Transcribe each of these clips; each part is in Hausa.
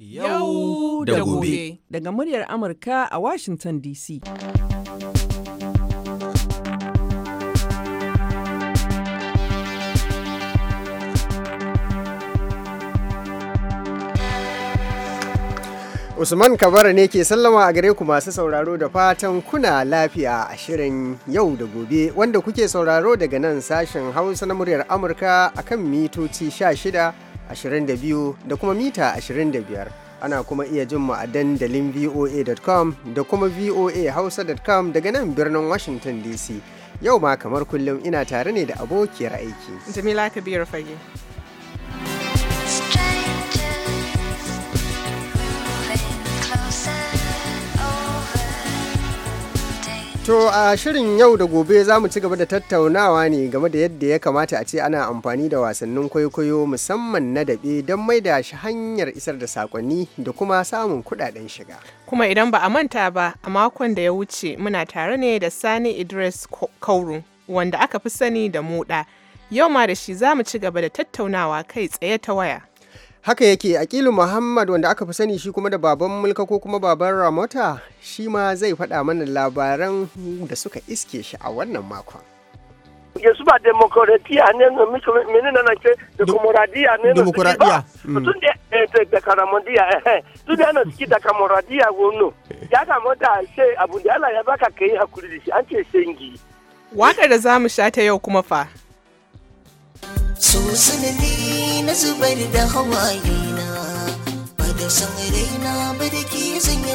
yau da gobe daga muryar Amurka a Washington DC. Usman Kabara ne ke sallama a gare ku masu sauraro da fatan kuna lafiya a shirin yau da gobe wanda kuke sauraro daga nan sashen Hausa na muryar Amurka akan mitoci sha shida. 22 da kuma mita 25 ana kuma iya jin mu a dandalin voa.com da kuma voahausa.com daga nan birnin washington dc yau ma kamar kullum ina tare ne da abokiyar aiki jamila kabiru fage To a shirin yau da gobe za mu ci gaba da tattaunawa ne game da yadda ya kamata a ce ana amfani da wasannin kwaikwayo musamman na daɓe don mai da shi hanyar isar da sakonni da kuma samun kuɗaɗen shiga. Kuma idan ba a manta ba a makon da ya wuce muna tare ne da Sani Idris Kauru wanda aka fi sani da moɗa. Yau ma da shi za mu ci gaba da tattaunawa kai tsaye ta waya. haka yake akilu muhammad wanda aka fi sani shi kuma da baban mulka ko kuma baban ramota shi ma zai faɗa mana labaran da suka iske shi a wannan makon yanzu ba demokuratiya ne mene na ce demokradiyya ne na suke ba hmm. tun eh, da da karamodiya tun eh, eh. da yana suke da karamodiya wono ya da ce abu da ala ya baka kai hakuri da shi an ce shengi waka da mu sha ta yau kuma fa so sanadi na zubar da hawaye na ba da san raina ba da ke zanya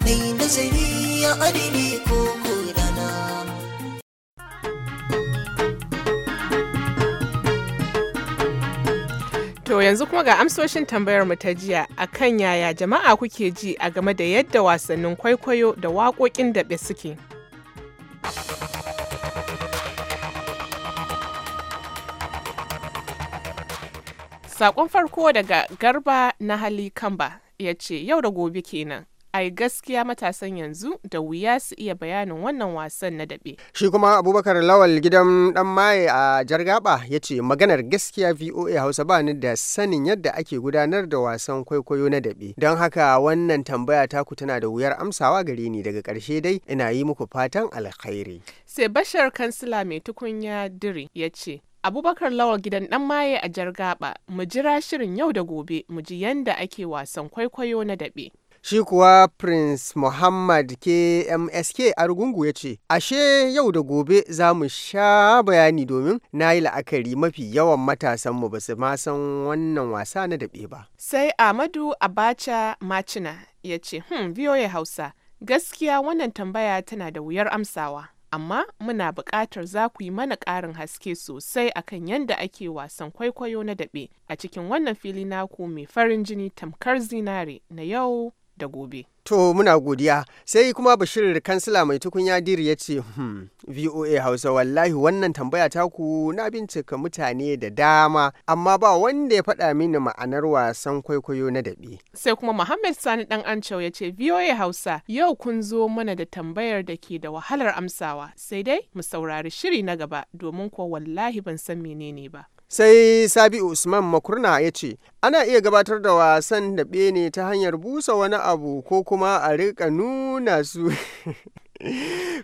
na yi nazari a arini ko korana To yanzu kuma ga amsoshin tambayar mu ta jiya akan yaya jama'a kuke ji a game da yadda wasannin kwaikwayo da waƙoƙin daɓe suke. Sakon farko daga Garba na Hali Kamba ya ce yau da gobe kenan. ai gaskiya matasan yanzu da wuya su iya bayanin wannan wasan na daɓe. Shi kuma Abubakar Lawal gidan ɗan maye a Jargaba ya ce maganar gaskiya VOA Hausa ba ni da sanin yadda ake gudanar da wasan kwaikwayo na daɓe. Don haka wannan tambaya ku tana da wuyar amsawa gare ni daga ƙarshe dai ina yi muku fatan alkhairi. Sai Bashar Kansila mai tukunya Diri ya ce Abubakar Lawal gidan ɗan maye a Jargaba, mu jira shirin yau da gobe, mu ji yanda ake wasan kwaikwayo na daɓe. Shi kuwa Prince Muhammad KMSK Argungu ya ce, Ashe yau da gobe za mu sha bayani domin na yi la'akari mafi yawan matasanmu ba su ma san wannan wasa na daɓe ba. Sai Ahmadu Abacha Macina ya ce, Hmm, ya Hausa, gaskiya wannan tambaya tana da wuyar amsawa. amma muna buƙatar za ku yi mana ƙarin haske sosai akan yadda ake wasan kwaikwayo na daɓe a cikin wannan fili naku mai farin jini tamkar zinare na yau da gobe. To muna godiya sai kuma Bashir kansila mai tukunya diri ya ce hmm, VOA Hausa wallahi wannan tambaya ku na bincika mutane da dama amma ba wanda ya faɗa mini ma'anar wasan kwaikwayo na daɓe. Sai kuma Muhammad Sani ɗan Ancau ya ce VOA Hausa yau kun zo mana da tambayar da ke da wahalar amsawa sai dai mu saurari shiri na gaba domin ko wallahi ban san menene ba. sai sabi usman makurna ya ce ana iya gabatar da wasan da ne ta hanyar busa wani abu ko kuma a rika nuna su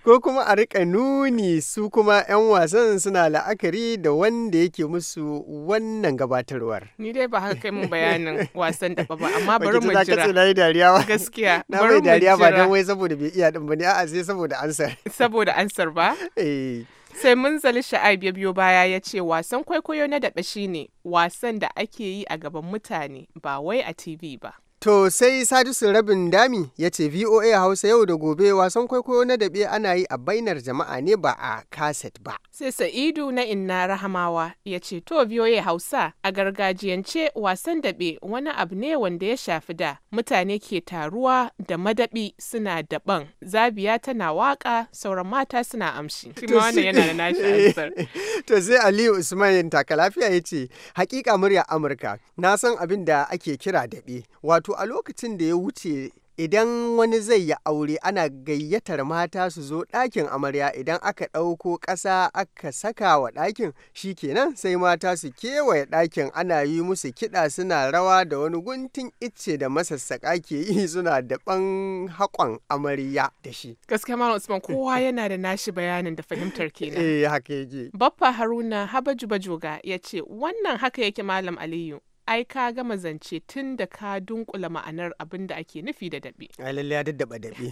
ko kuma a rika nuni su kuma 'yan wasan suna la'akari da wanda yake musu wannan gabatarwar ni dai ba haka kai mun bayanin wasan da ba amma bari mu jira na yi dariya ba gaskiya na mai dariya ba don wai saboda bai iya din ba ne a'a sai saboda ansar saboda ansar ba eh sai munzali sha'ab ya biyo baya ya ce wasan kwaikwayo na daɓe shine wasan da ake yi a gaban mutane ba wai a tv ba To sai Sadisu Rabin Dami ya ce VOA Hausa yau da gobe wasan kwaikwayo na daɓe ana yi a bainar jama'a ne ba a kaset ba. Sai Sa'idu na Inna Rahamawa ya ce to VOA Hausa a gargajiyance wasan daɓe wani abu ne wanda ya shafi da mutane ke taruwa da madaɓi suna daban zabiya tana waka sauran mata suna amshi. To sai Aliyu Usman Takalafiya ya ce hakika murya Amurka na san abin da ake kira daɓe To a lokacin da ya wuce idan wani zai yi aure ana gayyatar mata su zo ɗakin amarya idan aka ɗauko ƙasa aka saka wa ɗakin shi kenan sai mata su kewaye ɗakin ana yi musu kiɗa suna rawa da wani guntun icce da masassaka ke yi suna daɓan haƙon amarya da shi gaskiya malam usman kowa yana da nashi bayanin da fahimtar kenan eh haka yake baffa haruna habaju bajoga ya ce wannan haka yake malam aliyu ai ka gama zance tun da ka dunkula ma'anar abin da ake nufi da daɓe. Ai lalle ya daddaɓa daɓe.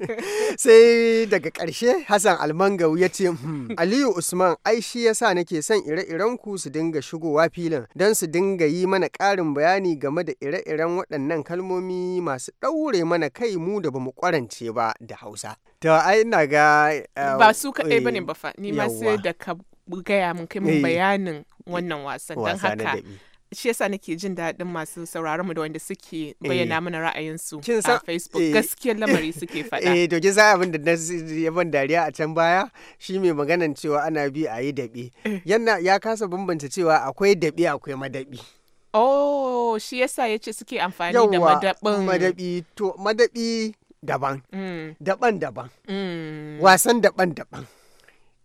Sai daga ƙarshe Hassan Almangau ya ce, hmm, Aliyu Usman ai shi ya sa nake son ire-iren ku su dinga shigowa filin don su dinga yi mana ƙarin bayani game da ire-iren waɗannan kalmomi masu ɗaure mana kai mu da bamu kwarance ba da Hausa. To ai ina ga eh, ba su kaɗai eh, ne ba fa ni ma sai da ka gaya mun kai mun eh. bayanin wannan wasan don haka shi yasa nake jin daɗin masu sauraron mu da wanda suke bayyana eh. mana ra'ayinsu a Facebook eh. gaskiyar lamari suke faɗa. Eh to a abin da ya ban dariya a can baya shi mai maganan cewa ana bi a yi daɓe. Eh. Yana ya kasa bambanta cewa akwai daɓe akwai madaɓi. Oh shi yasa ya ce suke amfani da madaɓin. Madaɓi to madaɓi daban. Mm. Daban daban. Mm. Wasan daban daban.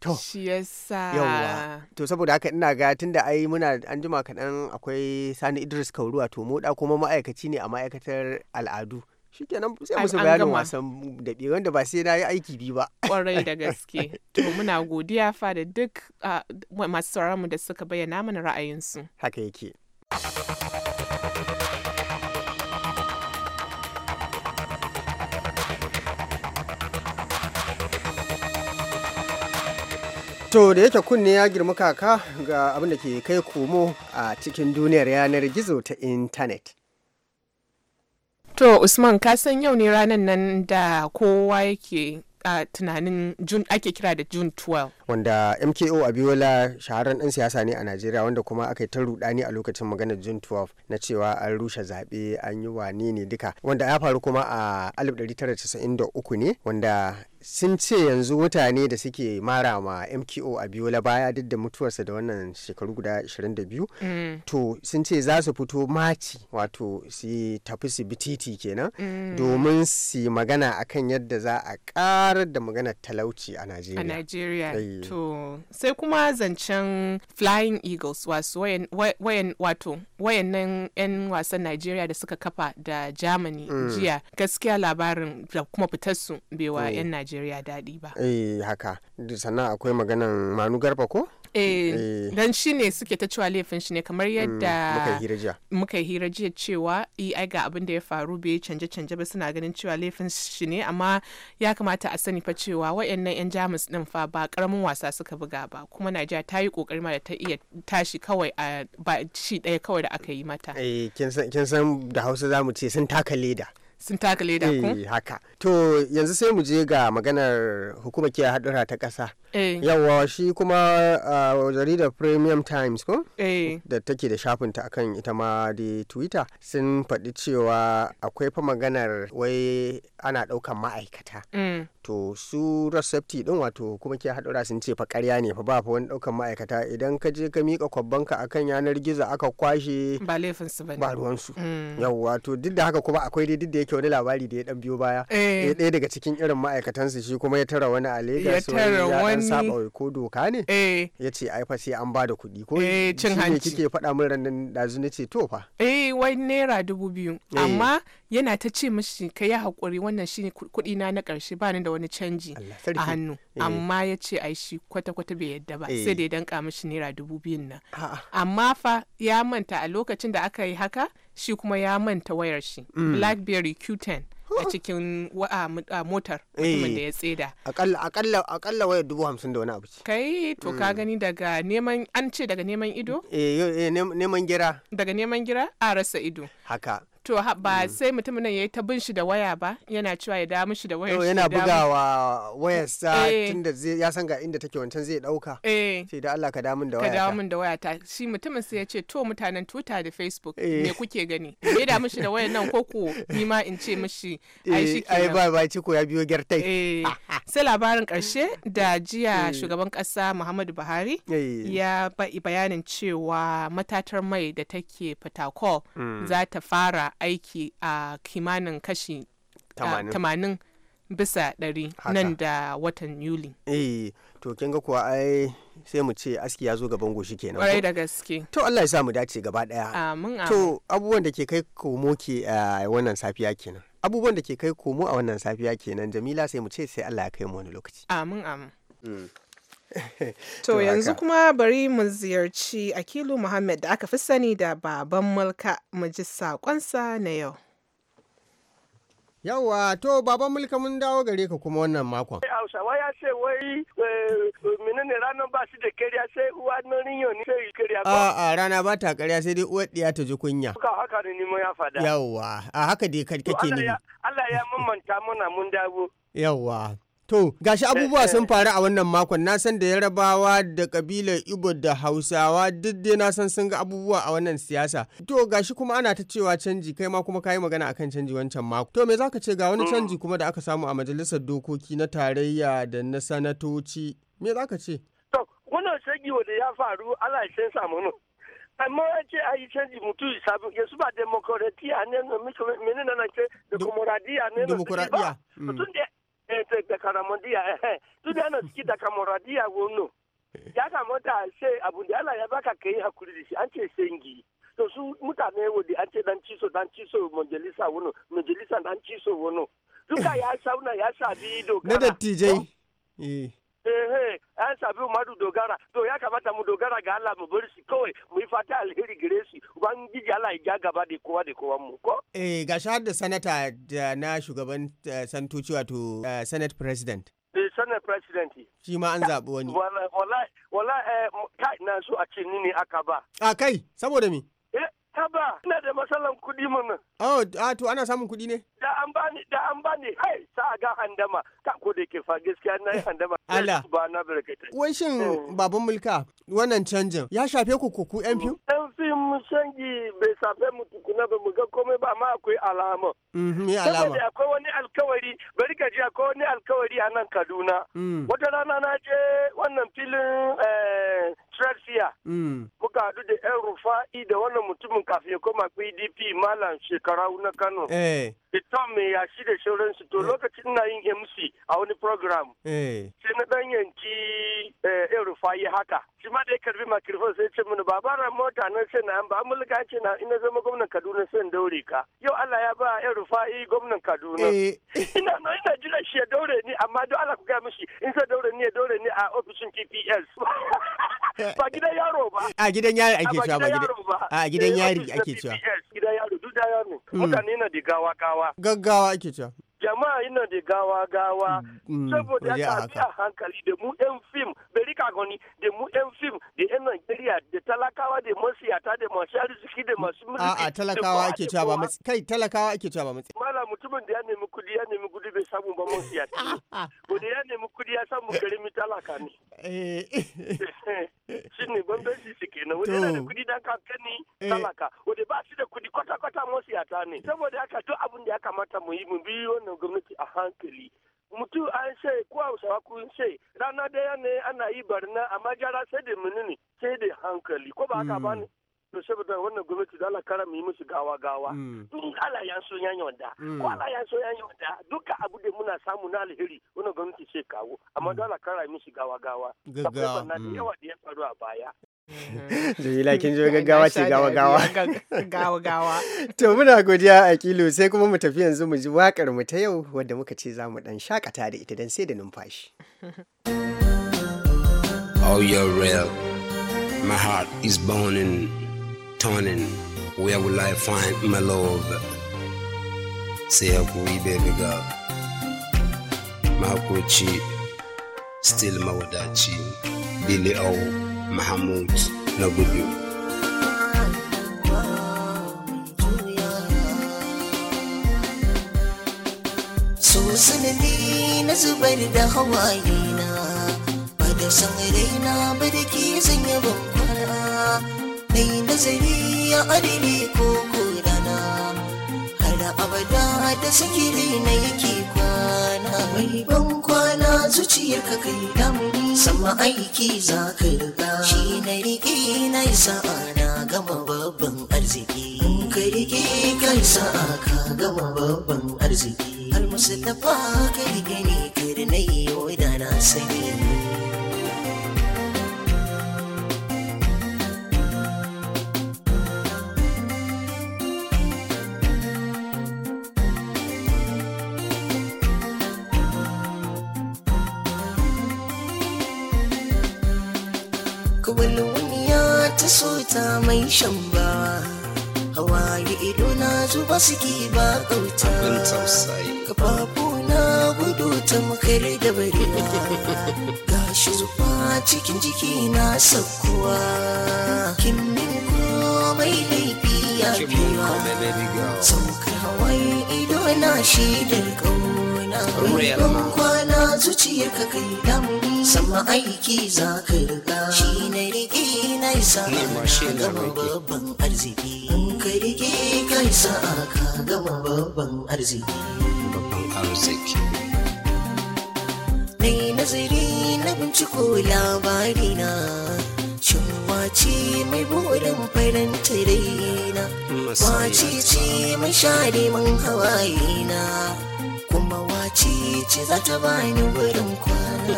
To. Shi yasa. Yawwa. To saboda haka ina ga tunda ai muna an jima kaɗan akwai Sani Idris Kauru to moda kuma ma'aikaci ne a ma'aikatar al'adu. shi kenan sai musu bayanin wasan daɗe wanda ba sai na yi aiki biyu ba. Kwarai da gaske. To muna godiya fa da duk ah, masu sauraron mu da suka bayyana mana ra'ayinsu. Haka yake. To da yake kunne ya girma kaka ga abin da ke kai komo a cikin duniyar yanar gizo ta intanet. To Usman ka san yau ne ranar nan da kowa yake a tunanin ake kira da June 12. Wanda MKO Abiola shaharar ɗan siyasa ne a Najeriya wanda kuma aka yi ta rudani a lokacin maganar June 12 na cewa an rushe zaɓe an yi wane ne duka. Wanda ya faru kuma a 1993 ne wanda sun ce yanzu mutane da suke mara ma mko a biyola baya duk da mutuwarsa da wannan shekaru guda 22 mm. to sun ce za su fito maci wato su tafi su bi titi kenan mm. domin su magana akan yadda za a karar da magana talauci a nigeria. a nigeria to sai kuma zancen flying eagles wato wayannan 'yan wasan nigeria da suka kafa da germany mm. jiya gaskiya labarin da kuma fitarsu bewa 'yan nigeria. najeriya daɗi ba eh haka sannan akwai maganan manu garba ko eh, eh. dan shi ne suke ta cewa laifin shi ne kamar mm, yadda muka yi hira jiya cewa i eh, ai ga abin da ya faru bai canje canje ba suna ganin cewa laifin shi ne amma ya kamata a sani fa cewa wayannan yan jamus din fa ba karamin wasa suka buga ba kuma najeriya ta yi kokari ma da ta iya tashi kawai a ba shi ɗaya kawai da aka yi mata eh kin san da hausa zamu ce sun taka leda sun taka leda ko eh haka to yanzu sai mu je ga maganar hukumar kiyaye hadura ta kasa eh yawa shi kuma uh, jaridar premium times ko eh. da take da shafin ta akan ita ma da twitter sun faɗi cewa akwai fa maganar wai ana ɗaukan ma'aikata mm. to su safety din wato kuma ke haɗura sun ce fa ƙarya ne fa ba fa wani ɗaukan ma'aikata idan ka je ka miƙa kwabbanka akan yanar gizo aka kwashe ba laifin su ba ruwan su mm. yawa to duk da haka kuma akwai dai duk da yake wani labari da ya dan biyo baya eh. eh ɗaya daga cikin irin ma'aikatansu shi kuma ya tara wani a Lagos ya tara wani saba ko doka ne eh ya ce ai fa sai an ba da kuɗi ko eh cin hanci kike faɗa min ranan dazu ne ce to fa eh wai naira dubu biyu eh. amma yana ta ce mishi ka yi haƙuri wannan shi kuɗi na na karshe ba ni da wani canji a hannu eh. amma ya ce ai shi kwata-kwata bai yadda ba sai da ya danka mishi naira dubu biyun nan amma fa ya manta a lokacin da aka yi haka shi kuma ya manta wayar shi mm. blackberry q10 a cikin motar eh. da ya tseda akalla akalla wayar dubu hamsin da wani abu ce kai to ka mm. gani daga neman an ce daga neman ido eh, eh neman gira daga neman gira a rasa ido haka to ba mm. sai mutumin nan yi ta bin shi da waya ba yana cewa ya damu shi da wayar shi yana bugawa wayar sa eh. tunda ya san ga inda take wancan zai dauka eh. sai da Allah ka min da waya ka min da waya ta shi mutumin sai ya ce to mutanen Twitter da Facebook eh. me kuke gani me da mishi da wayar nan ko ko ni ma in ce mishi ai shi ai ba ba ko ya biyo gertai sai labarin karshe da jiya shugaban kasa Muhammadu Buhari ya bayanin cewa matatar mai da take Fatakol mm. za ta fara aiki a kimanin kashi tamanin bisa dari nan da watan yuli eh to kin ga kuwa ai sai mu ce aski ya zo gaban goshi kenan kwarai da gaske to Allah ya sa mu dace gaba daya to abubuwan da ke kai komo ke a wannan safiya kenan abubuwan da ke kai komo a wannan safiya kenan Jamila sai mu ce sai Allah ya kai mu wani lokaci amin amin mm. To yanzu kuma bari mu ziyarci Akilu Muhammad da aka fi sani da baban mulka mu ji saƙonsa na yau. Yawwa to baban mulka mun dawo gare ka kuma wannan makon. Hausawa ya ce wai eh, menene ranar ba shi da kariya sai uwa sai kariya ba. A rana ba ta kariya sai dai uwar ɗiya ta ji kunya. Ka haka ne ya fada. Yawwa a haka dai kake ne. Allah ya mamanta mana mun dawo. Yawwa. To, gashi abubuwa eh, eh. sun faru a wannan makon, na san da yarabawa da kabilar Igbo da Hausawa duk dai na san sun ga abubuwa a wannan siyasa. To, gashi kuma ana ta cewa canji, kai ma kuma kayi magana akan canji wancan mako. To, me zaka ce ga wani hmm. canji kuma da aka samu a majalisar dokoki na tarayya da na sanatoci? Me zaka ce? To, wannan canji wanda ya faru, Allah ya mu. amma an ce ayi canji mutu sabu su ba demokuratiya ne menene na ce demokuratiya ne ba. Hmm. takaramandiya tunda yana ciki takamuradiya wannan ya kamata sai abun da Allah ya baka ka yi sengi to su mutane dan ciso dan duka ya sauna ya sabi doka dattijai ehe an sabi madu dogara to ya kamata mu dogara ga Allah mu bar shi kawai mu yi fata alheri gare shi ubangiji Allah ya ja gaba da kowa da kowa mu ko eh ga shahar da sanata da na shugaban eh, santoci wato eh, senate president eh senate president shi ma an zabi wani wallahi wallahi eh, na so a ce ni ne aka ba a kai saboda me Taba, ina da matsalan kuɗi mana. Oh, a ah, to ana samun kuɗi ne? Da an bani, da an bani, hai, sa ga handama. Ta ko da ke fa gaskiya na yi eh, handama. Allah. Ba na barkata. Wai shin eh. baban mulka wannan canjin ya shafe ku kuku yan fiyu? ɗan fiyu mu canji bai shafe mu tukuna ba mu ga komai ba amma akwai alama. ya mhm, alama? Saboda akwai wani alkawari, bari ka ji akwai wani alkawari a nan Kaduna. Mm. Wata rana na je wannan filin Trade eh, Fair. Mm. muka haɗu da yan rufa'i da wannan mutumin kafin ya koma pdp malam shekara na kano eh. da tom mai yashi da shauransu to eh. lokacin na yin mc a wani program eh. sai na dan yanki yan rufa'i haka shi ma da ya karbi makirfon sai ce mini babara mota na sai na ba mulka ce na ina zama gwamnan kaduna sai daure ka yau allah ya ba yan rufa'i gwamnan kaduna ina na ina jira shi ya daure ni amma don allah ku gaya mishi in sai daure ni ya daure ni a ofishin pps ba gidan yaro ba gidan yari ake cewa ba gidan yari a gidan eh, yari ake cewa gidan yari duk hmm. da yaro mutane na da gawa gawa gaggawa ake cewa jama'a ina da gawa gawa mm, saboda ya tafi a hankali da mu yan fim bari goni da mu yan fim da yan nigeria da talakawa da yata da masu arziki da masu mm, mulki a talakawa ake cewa ba kai talakawa ake cewa ba matsi mala mutumin da ya nemi kudi ya nemi kudi bai samu ba masiyata ko da ya nemi kudi ya samu mu talaka ne eh. shi ne bambanci ke kenan wanda yana da kudi dan kani. Eh. talaka wanda ba shi da kudi kwata kwata masiyata ne saboda haka duk abin da ya kamata mu yi mu biyo wannan maganar gwamnati a hankali mutum an ce ko hausawa kun ce rana daya ne ana yi barna amma gyara sai da ne sai da hankali ko ba haka ba ne mm. to saboda wannan gwamnati da Allah kara mu yi musu gawa gawa duk Allah ya so ya yanda mm. ko Allah ya so ya yanda duka abu da muna samu na alheri wannan gwamnati sai kawo amma mm. da Allah kara mu yi musu gawa gawa gaggawa na da yawa da ya faru a baya Jamila mm-hmm. kin jo gaggawa ce gawa gawa. Gawa gawa. To muna godiya a kilo sai kuma mu tafi yanzu mu ji wakar mu ta yau wadda muka ce za mu dan shakata da ita dan sai da numfashi. Oh your real. My heart is burning, turning. Where will I find my love? Sai hakuri baby girl. ci still dile au oh. Mahmud na gudu. So sanadi na zubar da hawaye na ba da san raina ba da ke zanya ban kwana. Nai nazari a arini ko kura. da da sikiri na yake kwana mai ban kwana zuciyar ka kai damuni sama aiki za ka riga shi na rike na isa na gama babban arziki ka rike ka isa ka gama babban arziki har musulma ka rike ne karnai na yi da na sani walwuniya ta so ta mai shan ba hawaye ido na zuba suke ba kauta kafafu na gudu ta makar da barewa gashi zuba cikin jiki na sakkuwa kin min komai laifi ya biya saukar hawaye ido na shi da kwana ban kwana zuciyar ka kai damu sama aiki za ka riga shi na rike na isa ka gama babban arziki ka rike ka isa ka gama babban arziki babban arziki na yi nazari na binciko labari na shin wace mai burin faranta raina wace ce mai share man hawaye na kuma wace ce za ta bani wurin kwana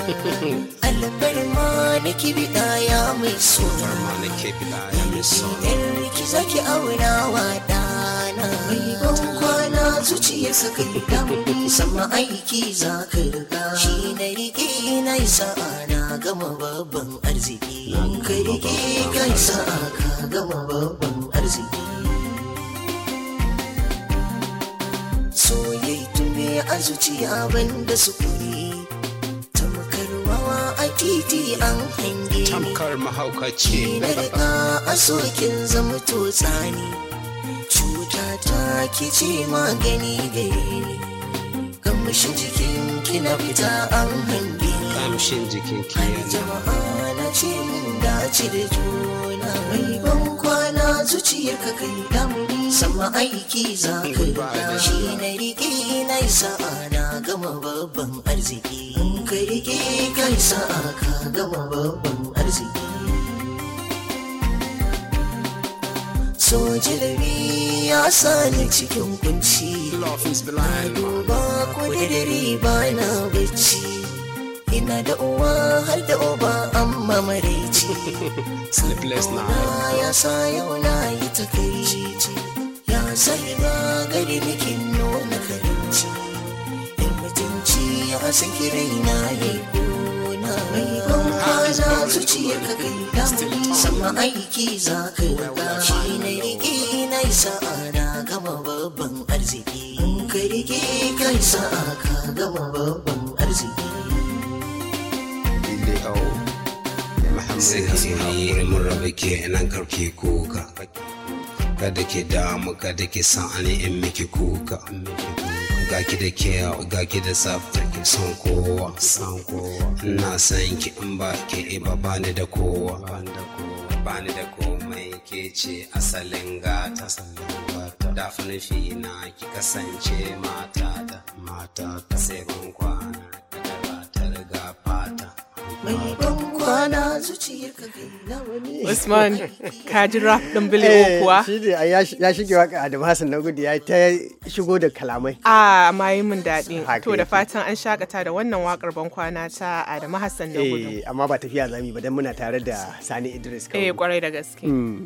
ma na kibida ya mai suna idan ki zaki aura wa dana mai ban kwana zuciya saka dam sama aiki za ka riga shi na rike na yi sa'a na gama babban arziki ka rike ka yi sa'a ka gama babban arziki soyayya me a zuciya banda sukuni tamkar wawa a titi an hange tamkar mahaukaci na da a sokin zama to tsani cuta ta ce magani gare ni kamshin jikin kina fita an hange kamshin jikin kina jama'a na ce dace da juna mai ban kwana zuciyar ka kai damuni sama aiki za ka da shi na rike na isa ana gama babban arziki in ka rike ka isa gama babban arziki soji da ya sani cikin kunci na duba kudu ba na bacci ina da uwa har da uba amma maraici sleepless night ya sa yau na yi takaici ya sai ba gari bikin nuna karinci in mutunci ya san kirai na yi kuna mai ban za zuciyar ka kai damu sama aiki za ka yi shi na riƙe na yi sa'a na gama babban arziki in ka riƙe kai sa'a ka gama babban arziki kawo sakiri murrabe ke nan karki kuka kada ke damu kada ke san ani in miki kuka ga ki da ke ga ki da safar ki son kowa san kowa ina san ki in ba ke eh, ba ni da kowa bani da komai ke ce asalin gata da nufi na ki kasance mata ta. sai ban kwana da gatar ga fata Usman, ka ji rap ɗin Billy O eh, kuwa? Shi ne ya shige waka Adam Hassan na gudu ya ta shigo da kalamai. A amma yi min daɗi. To da fatan an shakata da wannan wakar kwana ta Adam Hassan na gudu. Eh, amma ba tafiya zami ba don muna tare da Sani Idris Eh, kwarai da gaske. Mm.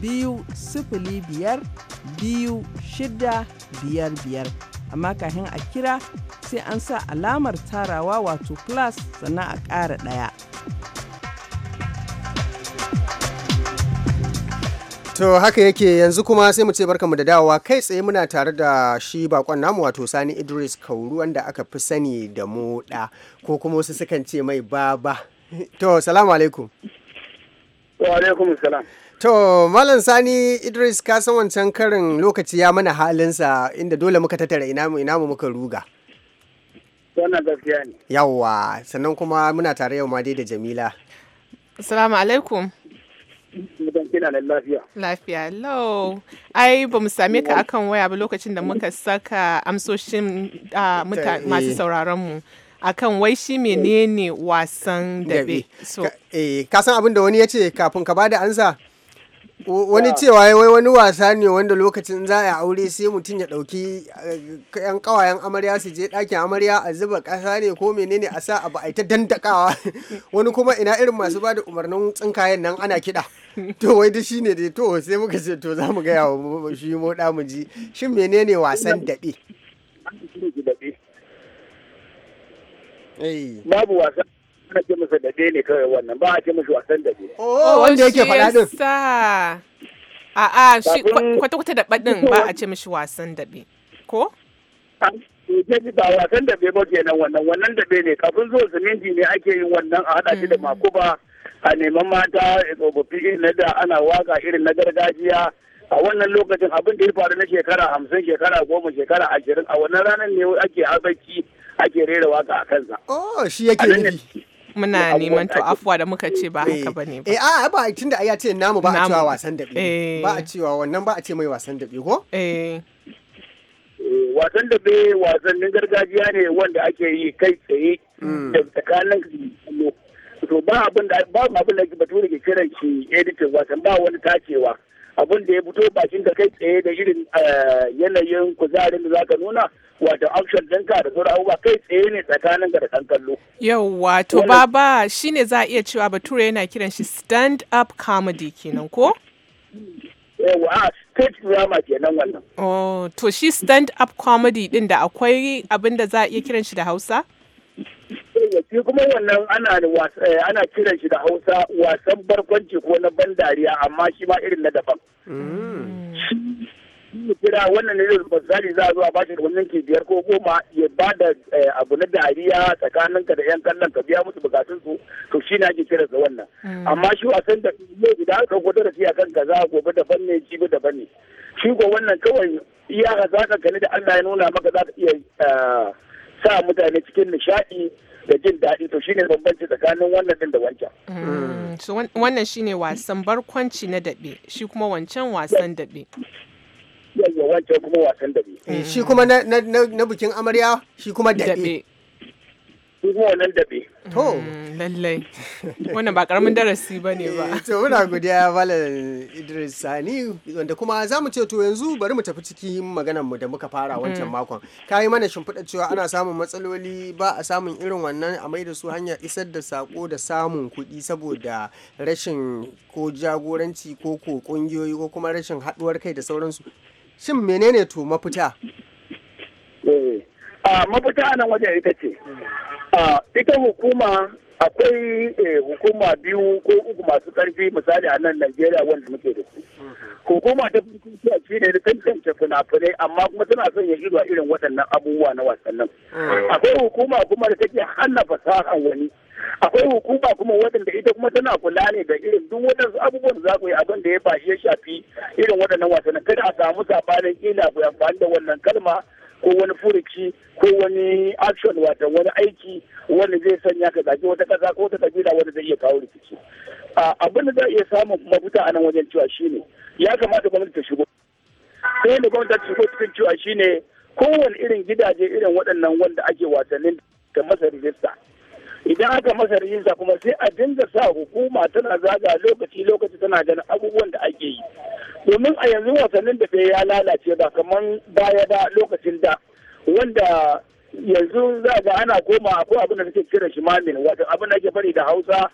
biyu sifili biyar biyu shida biyar biyar amma kafin a kira sai an sa alamar tarawa wato plus sannan a ƙara ɗaya. To haka yake yanzu kuma sai mu ce barkamu da dawowa kai tsaye muna tare da shi bakon namu wato Sani Idris Kauru wanda aka fi sani da moda ko kuma wasu sukan ce mai baba. To salamu alaikum. alaikum salam. To, Malam Sani Idris ka san wancan karin lokaci ya mana halinsa inda dole muka tattara ina mu ina mu muka ruga. Wannan gaskiya ne. Yawwa, sannan kuma muna tare yau ma dai da Jamila. Assalamu alaikum. lafiya. Lafiya, Ai, ba mu same ka akan waya ba lokacin da muka saka amsoshin ah, eh. masu sauraron mu. akan wai shi menene wasan dabe so eh ka san abin da wani ya ce kafin ka bada ansa wani cewa wai wani wasa ne wanda lokacin za a aure sai mutum ya ɗauki yan eh, kawayen amarya su je ɗakin amarya a zuba kasa ne ko menene a sa abu a ita dandakawa wani kuma ina irin masu bada umarnin tsinkayen nan ana kiɗa to wai da shi dai to sai muka ce to za mu gaya wa shi mu ji shin menene wasan daɓe Eh. babu wasa ana ce masa da ne kawai wannan ba a ce mishi wasan dade oh, oh wanda yake faɗa din a a shi kwata kwata da badin ba a ce mishi wasan be ko eh, ba wasan be ba kenan wannan wannan be ne kafin zuwa siminti ne ake yin wannan a haɗa shi da mm. makuba a neman mata eh, tsofaffi na da ana waka irin na gargajiya a wannan lokacin abin da ya faru na shekara hamsin shekara goma shekara ashirin a wannan ranar ne ake abacci ake rera waka a kansa oh shi yake nufi muna neman to afuwa da muka ce ba eh, haka ba ne ba. Eh a ba tun da ce namu ba a cewa wasan daɓe. Eh. Ba a cewa wannan ba a ce mai wasan daɓe ko? Eh. Wasan daɓe wasannin gargajiya ne wanda ake yi kai tsaye hmm. da tsakanin to ba abin da ba abin da bature ke kiran shi editing wasan ba wani tacewa. abin da ya fito bakin da kai tsaye da irin eh, yanayin kuzarin da zaka nuna wato option ɗinka da sauran abubuwa kai tsaye ne tsakanin ka da kallo. Yau wato baba shine za a iya cewa bature yana kiran shi stand up comedy kenan ko? Yawwa a stage drama kenan wannan. Oh to shi stand up comedy din da akwai abin da za a iya kiran shi da Hausa? shi kuma wannan ana eh, ana kiran shi da hausa wasan barkwanci ko na ban dariya amma shi ma irin na daban mm. kira wannan ne misali za a zo a bashi wannan ke biyar ko goma ya ba da eh, abu na dariya tsakaninka da yan kallon ka biya musu bukatun su to shi na ake kira da wannan mm. amma shi wasan da ne guda aka gwada da shi kan kaza gobe daban ne jibi daban ne shi ko wannan kawai iya ka zaka gani da Allah ya nuna maka za ka iya eh, sa mutane cikin nishaɗi da jin daɗi to shine bambanci tsakanin wannan din da wancan. Mm. so wannan shine wasan barkwanci na daɓe shi kuma wancan wasan daɓe. yayya wancan kuma wasan daɓe. Eh, shi kuma na bikin amarya shi kuma daɓe. su kuma wannan dabe. To, mm, lallai. Wannan ba karamin darasi ba ne ba. To, muna godiya Valen Idris Sani, wanda kuma za mu ce to yanzu bari mu tafi cikin maganar mu da muka fara wancan mm. makon. Ka yi mana shimfiɗa cewa ana samun matsaloli ba a samun irin wannan a da su hanyar isar da sako da samun kuɗi saboda rashin ko jagoranci ko ko ƙungiyoyi ko kuma rashin haɗuwar kai da sauransu. Shin menene to mafita? Eh, mafita a nan wajen ita ce ita hukuma akwai eh, hukuma biyu ko uku masu karfi misali a nan najeriya wanda muke da su hukuma ta fi kusa shi ne tantance fina-finai amma kuma tana son ya ido irin waɗannan abubuwa na wasannin hmm. akwai hukuma kuma da take hana fasahar wani akwai hukuma kuma waɗanda ita kuma tana kula ne da irin duk waɗansu abubuwan za ku yi abin da ya bashi ya shafi irin waɗannan wasannin kada a samu sabanin kila ku amfani da wannan kalma ko wani furuci ko wani action wata wani aiki wanda zai sanya ka zaki wata kasa ko wata kabila wanda zai iya kawo rikici abin da za a iya samun mafita a nan wajen cewa shine ya kamata gwamnati ta shigo sai da gwamnati ta shigo cikin cewa shine kowane irin gidaje irin waɗannan wanda ake wasannin da masa rijista idan aka masa rijista kuma sai a dinga sa hukuma tana zaga lokaci lokaci tana ganin abubuwan da ake yi domin a yanzu wasannin da ya lalace ba kamar baya ba lokacin da wanda yanzu zaga ana koma akwai abin da suke kira shi mamin wato abin da ake fari da hausa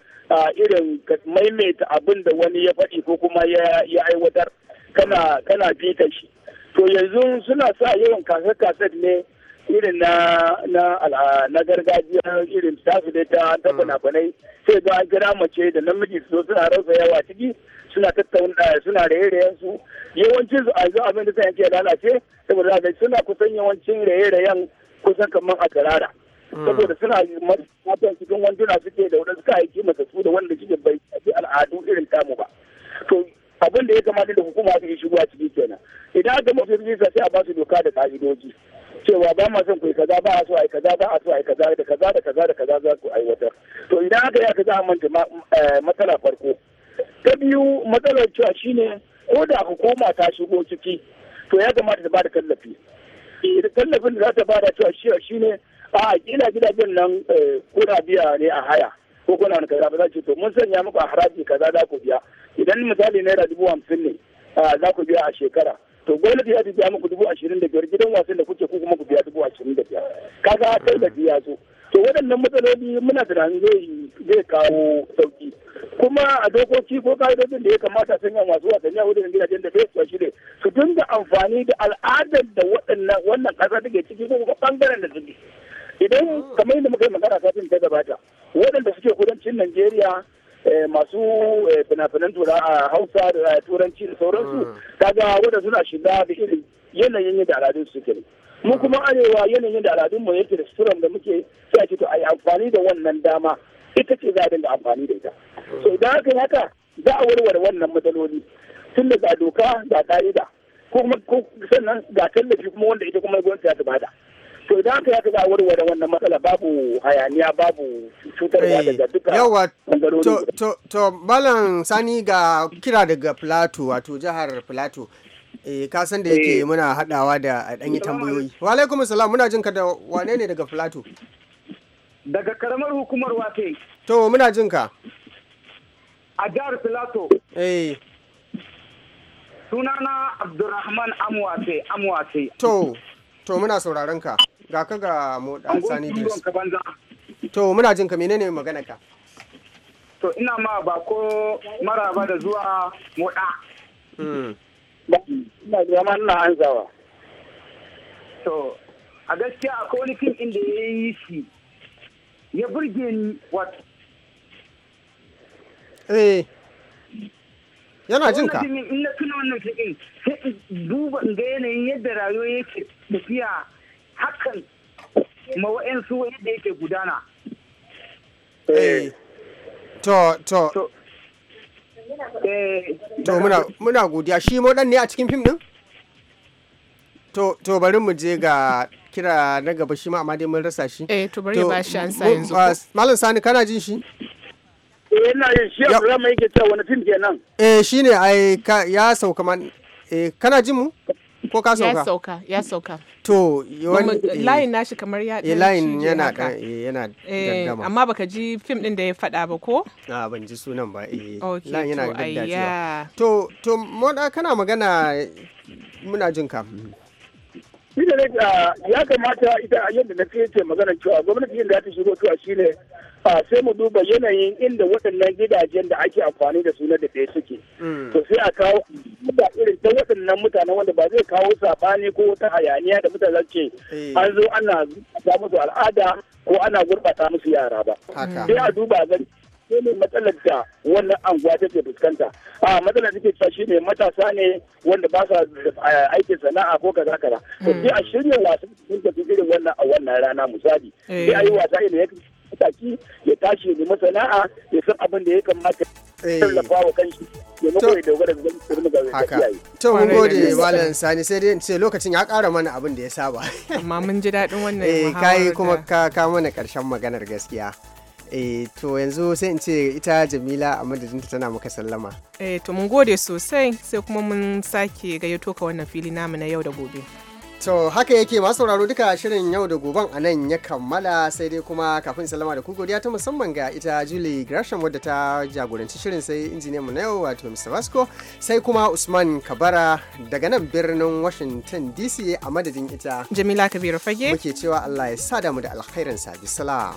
irin maimaita abin da wani ya faɗi ko kuma ya aiwatar kana kana shi to yanzu suna sa yawan kasa kaset ne irin na na na gargajiya irin tafi da ta ta bana-banai hmm. sai ga gira mace da namiji su suna rasa yawa ciki suna tattauna suna raye-rayen su yawancin su a yanzu abin da sai lalace saboda da suna kusan yawancin raye-rayen kusan kamar a garara hmm. saboda suna matan cikin wanduna suke da wadanda suka aiki masa su da wanda suke bai al'adu irin tamu ba to abin da ya kamata da hukuma ta yi shigo a ciki kenan idan aka mafi rijista sai a ba su doka da ka'idoji cewa ba ma son ku yi kaza ba a so a yi kaza ba a so a yi kaza da kaza da kaza da kaza za ku aiwatar to idan aka yi kaza za a manta eh, matsala farko ta biyu matsalar cewa shine ko da koma ta shigo ciki to ya kamata ta bada tallafi eh, tallafin da za ta bada cewa shine a kila gidajen nan eh, kuna biya ne a haya ko kuna wani kaza ba za ce to mun sanya muku a haraji kaza za ku biya idan misali naira dubu hamsin ne za ku biya a shekara to gwamnati ya biya muku dubu ashirin da biyar gidan wasan da kuke ku kuma ku biya dubu ashirin da biyar kaga da ya zo to waɗannan matsaloli muna tunanin zai kawo sauki kuma a dokoki ko ka'idodin da ya kamata sun yi masu wasanni a wurin gidajen da a shi ne su dinga amfani da al'adar da waɗannan wannan ƙasa take ciki ko kuma ɓangaren da suke idan kamar yadda muka yi magana kafin ta gabata waɗanda suke kudancin najeriya Eh, masu eh, fina tura a hausa da eh, turanci da sauransu mm. ga wanda suna shiga da irin yanayin yadda al'adun su ke mu mm. kuma arewa yanayin da al'adun mu yake da suturan da muke sai ce to a yi amfani da wannan dama ita ce za a dinga amfani da ita so mm. idan haka haka za a warware wannan matsaloli tun da ga doka ga ka'ida ko kuma sannan ga tallafi kuma wanda ita kuma gwamnati ta bada. to da haka ya wurin warware wannan matsala babu hayaniya babu cutarwa eh, daga duka yawa to to malam sani ga kira daga plateau wato jihar plateau eh ka san da yake eh. muna hadawa da dan yi tambayoyi wa alaikum salam muna jin ka da wane ne daga plateau daga karamar hukumar wake to muna jin ka a jihar plateau eh sunana abdurrahman amwate amwate to to muna sauraron ka ga ka ga mu dan sani to muna jin ka menene magana ka to ina ma ba ko mara ba da zuwa moda hmm. ina zama ina anzawa to a gaskiya a wani inda ya yi shi ya burge ni wato eh yana jin ka in na tuna wannan fim sai duba ga yanayin yadda rayuwa yake tafiya hakan ma su yadda yake gudana. Eh. To, to. To, eh. muna godiya. Shi moɗan ne a cikin fim ɗin? To, to bari mu je ga kira na gaba shi ma amma dai mun rasa shi. Eh, to bari ba shi an sa yanzu. Ah, Malam Sani kana jin shi? Eh, ina jin shi Abdulrahman yake cewa wani kenan. Eh, shine ai ya sauka man. Eh, kana jin mu? ko ka sauka ya sauka ya sauka to layin nashi kamar ya ɗan eh, layin yana eh, yana eh, gaggama amma baka ji fim din da ya faɗa ba ko a ban ji sunan ba eh layin yana daddacewa to to moda kana magana muna jin ka Ni da ah, ya kamata ita yadda na fiye ce magana cewa gwamnati yadda ta shigo to shine A sai mu duba yanayin inda waɗannan gidajen da ake amfani da su na daɗe suke. Mm. To sai a kawo da irin ta waɗannan mutanen wanda ba zai kawo saɓani ko wata hayaniya da mutane ce eh. an zo ana ta musu al'ada ko ana gurɓata musu yara ba. Sai a duba zan ne matsalar da wannan anguwa ke fuskanta a matsalar take cewa ne matasa ne wanda ba sa aikin sana'a ko kaza kaza to mm. sai a shirya wasan sun tafi irin wannan a wannan rana misali sai a yi eh. wasa irin mataki ya tashi ya nemi sana'a ya san abin da ya kamata eh. to mun gode malam sani sai dai ce lokacin ya kara mana abin da ya saba amma mun ji daɗin wannan eh kai kuma ka mana karshen maganar gaskiya eh to yanzu sai in ce ita jamila a madadinta tana maka sallama eh to mun gode sosai sai kuma mun sake gayyato ka wannan fili namu na yau da gobe To haka yake masu sauraro duka shirin yau da goban a nan ya kammala sai dai kuma kafin salama da ku godiya ta musamman ga ita Julie Gresham wadda ta jagoranci shirin sai injiniyan mu na yau wato Mr. Vasco sai kuma Usman Kabara daga nan birnin Washington DC a madadin ita Jamila Kabiru Fage muke cewa Allah ya sa mu da alkhairin sa salam